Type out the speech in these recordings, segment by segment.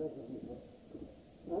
Ja,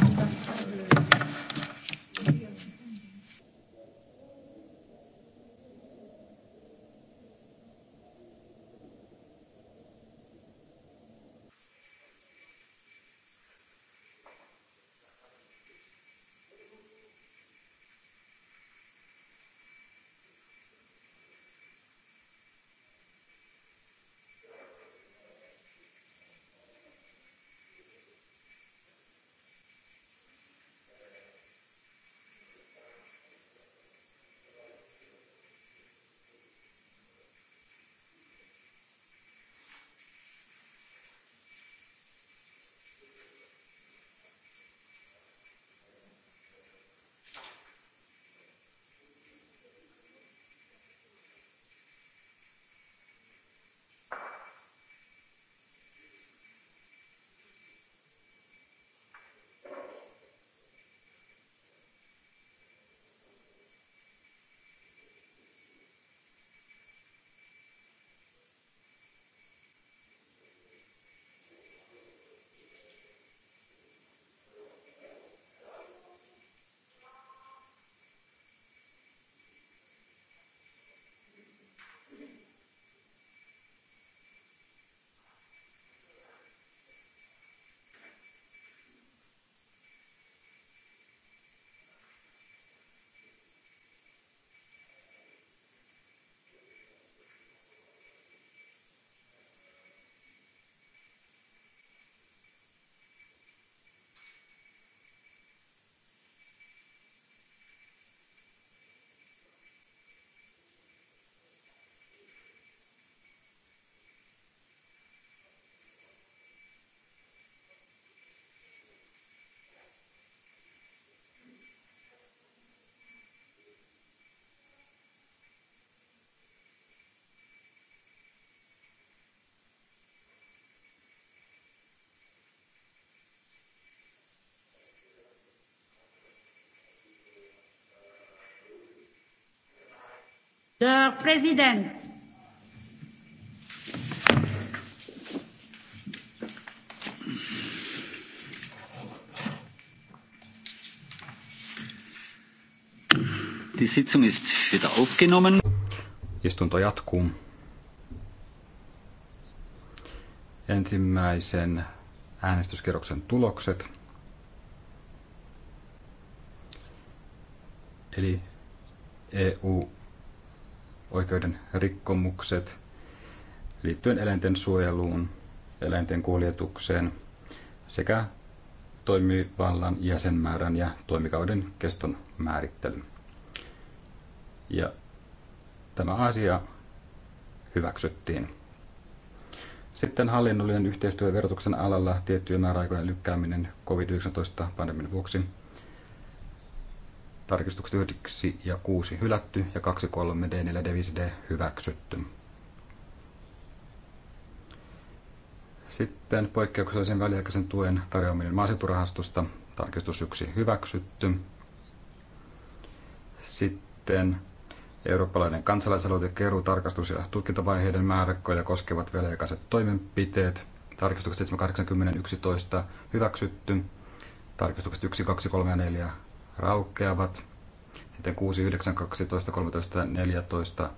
Der Präsident. Die Sitzung ist wieder aufgenommen. Istunto jatkuu. Ensimmäisen äänestyskierroksen tulokset. Eli EU oikeuden rikkomukset liittyen eläinten suojeluun, eläinten kuljetukseen sekä toimivallan jäsenmäärän ja toimikauden keston määrittely. Ja tämä asia hyväksyttiin. Sitten hallinnollinen yhteistyö verotuksen alalla tiettyjen määräaikojen lykkääminen COVID-19-pandemian vuoksi – Tarkistukset 9 ja 6 hylätty ja 2, 3, D4, D5, D hyväksytty. Sitten poikkeuksellisen väliaikaisen tuen tarjoaminen maaseuturahastosta. Tarkistus 1 hyväksytty. Sitten eurooppalainen kansalaisaloite keruu tarkastus- ja tutkintavaiheiden määräkkoja koskevat väliaikaiset toimenpiteet. Tarkistukset 7.80.11 hyväksytty. Tarkistukset 1, 2, 3 ja 4 raukeavat. Sitten 6, 9, 12, 13, 14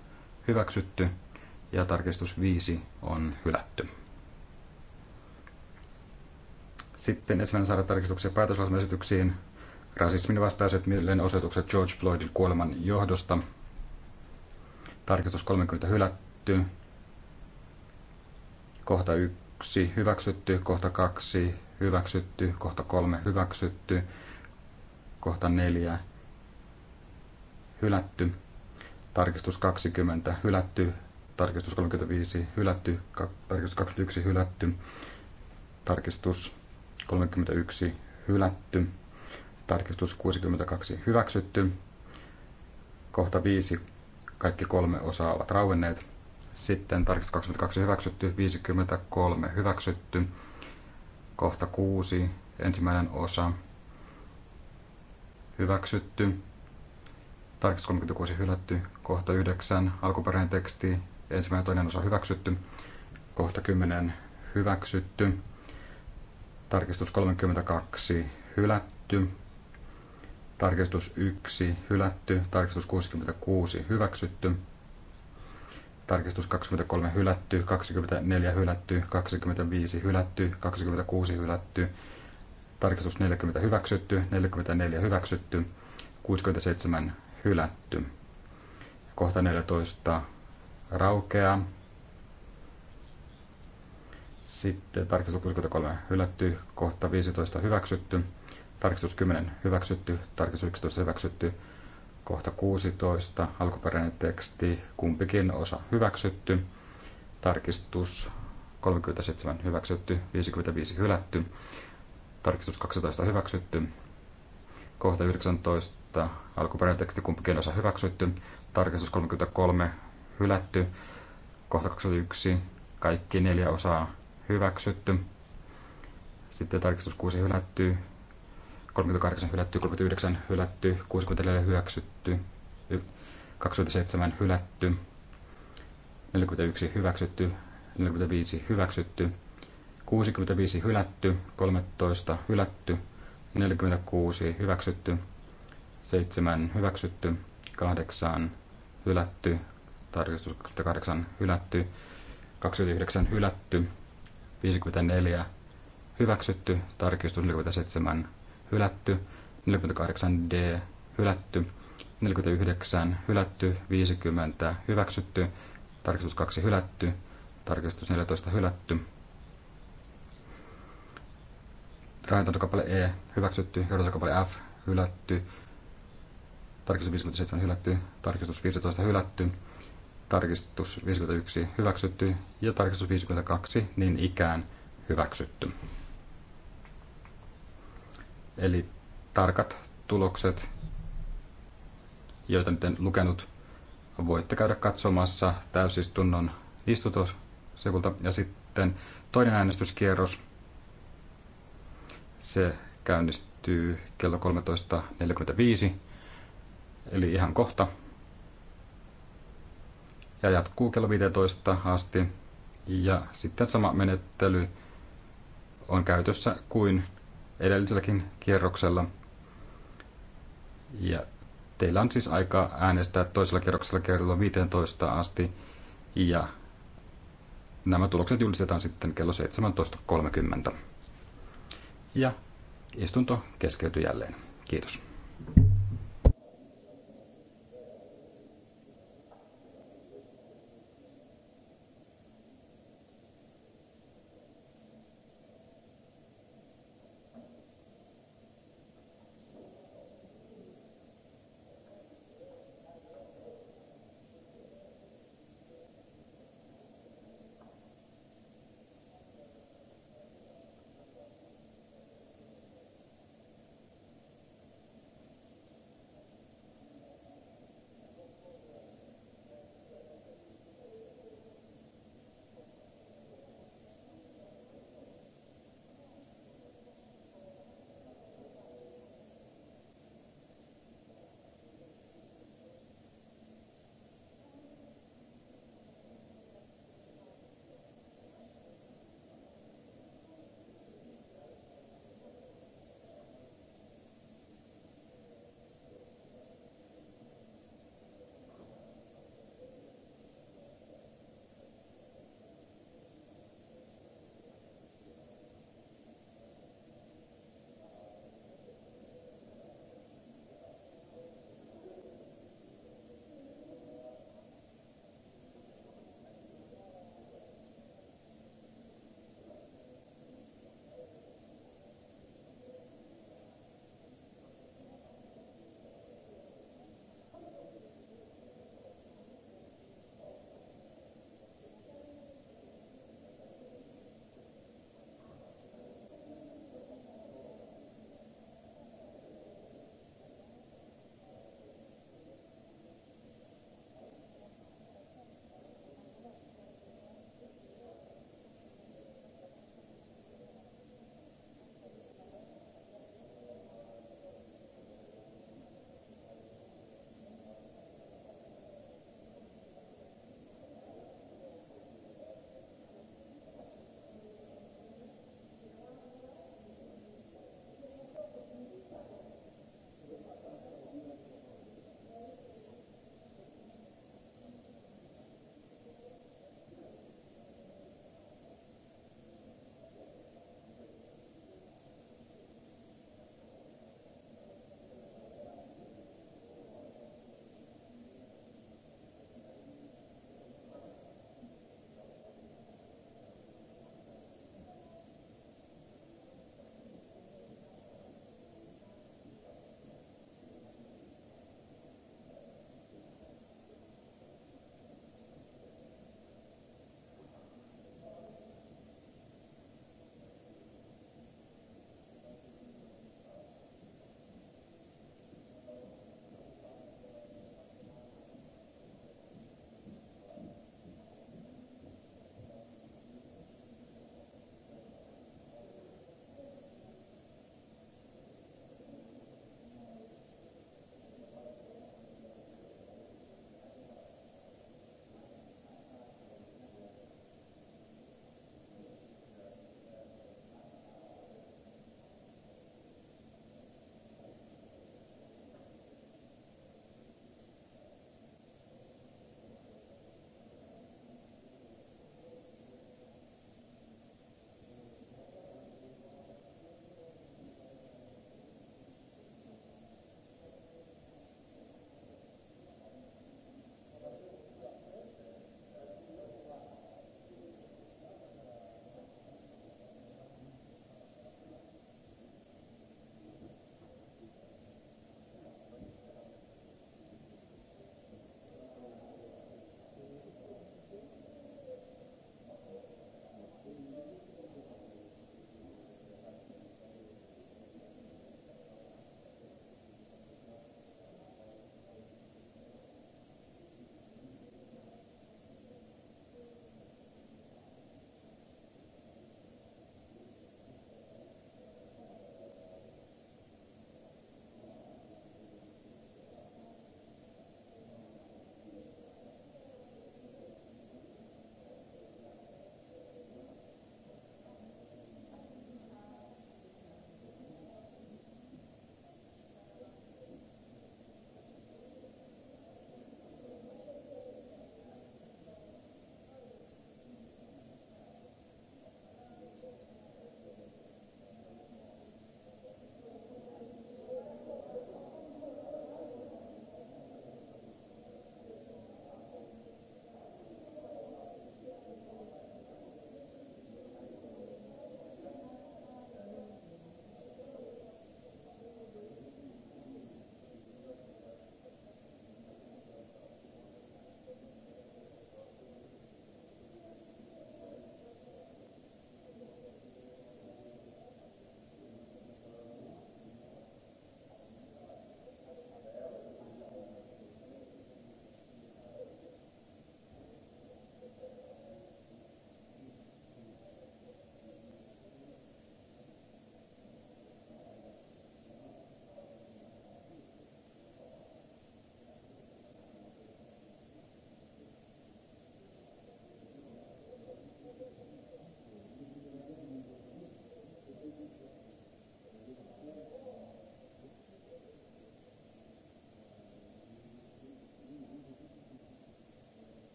hyväksytty ja tarkistus 5 on hylätty. Sitten ensimmäinen saada tarkistuksia päätöslausumaesityksiin. Rasismin vastaiset mielenosoitukset George Floydin kuoleman johdosta. Tarkistus 30 hylätty. Kohta 1 hyväksytty, kohta 2 hyväksytty, kohta 3 hyväksytty, kohta 4 hylätty, tarkistus 20 hylätty, tarkistus 35 hylätty, tarkistus 21 hylätty, tarkistus 31 hylätty, tarkistus 62 hyväksytty, kohta 5 kaikki kolme osaa ovat rauenneet, sitten tarkistus 22 hyväksytty, 53 hyväksytty, kohta 6 ensimmäinen osa hyväksytty. Tarkistus 36 hylätty. Kohta 9 alkuperäinen teksti. Ensimmäinen toinen osa hyväksytty. Kohta 10 hyväksytty. Tarkistus 32 hylätty. Tarkistus 1 hylätty. Tarkistus 66 hyväksytty. Tarkistus 23 hylätty, 24 hylätty, 25 hylätty, 26 hylätty, Tarkistus 40 hyväksytty, 44 hyväksytty, 67 hylätty. Kohta 14 raukeaa. Sitten tarkistus 63 hylätty, kohta 15 hyväksytty, tarkistus 10 hyväksytty, tarkistus 11 hyväksytty, kohta 16 alkuperäinen teksti, kumpikin osa hyväksytty, tarkistus 37 hyväksytty, 55 hylätty, Tarkistus 12 hyväksytty. Kohta 19. Alkuperäinen teksti kumpikin osa hyväksytty. Tarkistus 33 hylätty. Kohta 21. Kaikki neljä osaa hyväksytty. Sitten tarkistus 6 hylätty. 38 hylätty, 39 hylätty, 64 hyväksytty, 27 hylätty, 41 hyväksytty, 45 hyväksytty, 65 hylätty, 13 hylätty, 46 hyväksytty, 7 hyväksytty, 8 hylätty, tarkistus 8 hylätty, 29 hylätty, 54 hyväksytty, tarkistus 47 hylätty, 48D hylätty, 49 hylätty, 50 hyväksytty, tarkistus 2 hylätty, tarkistus 14 hylätty, Rahoitantokappale E hyväksytty, johdantokappale F hylätty, tarkistus 57 hylätty, tarkistus 15 hylätty, tarkistus 51 hyväksytty ja tarkistus 52 niin ikään hyväksytty. Eli tarkat tulokset, joita nyt en lukenut, voitte käydä katsomassa täysistunnon istutusivulta. Ja sitten toinen äänestyskierros se käynnistyy kello 13.45, eli ihan kohta. Ja jatkuu kello 15 asti. Ja sitten sama menettely on käytössä kuin edelliselläkin kierroksella. Ja teillä on siis aika äänestää toisella kierroksella kello 15 asti ja nämä tulokset julistetaan sitten kello 17.30 ja istunto keskeytyi jälleen. Kiitos.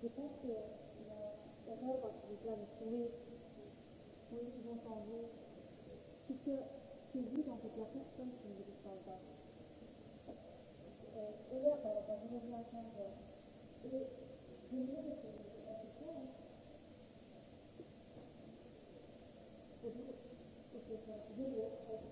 Dépenses, d'abord, quand tu les planes, oui, oui, j'entends vous. C'est que c'est vous, en fait, la personne qui ne vous parle pas. Et là, quand je reviens à 15 heures, et je me dis que c'est pas tout ça, hein. Et vous, c'est que c'est un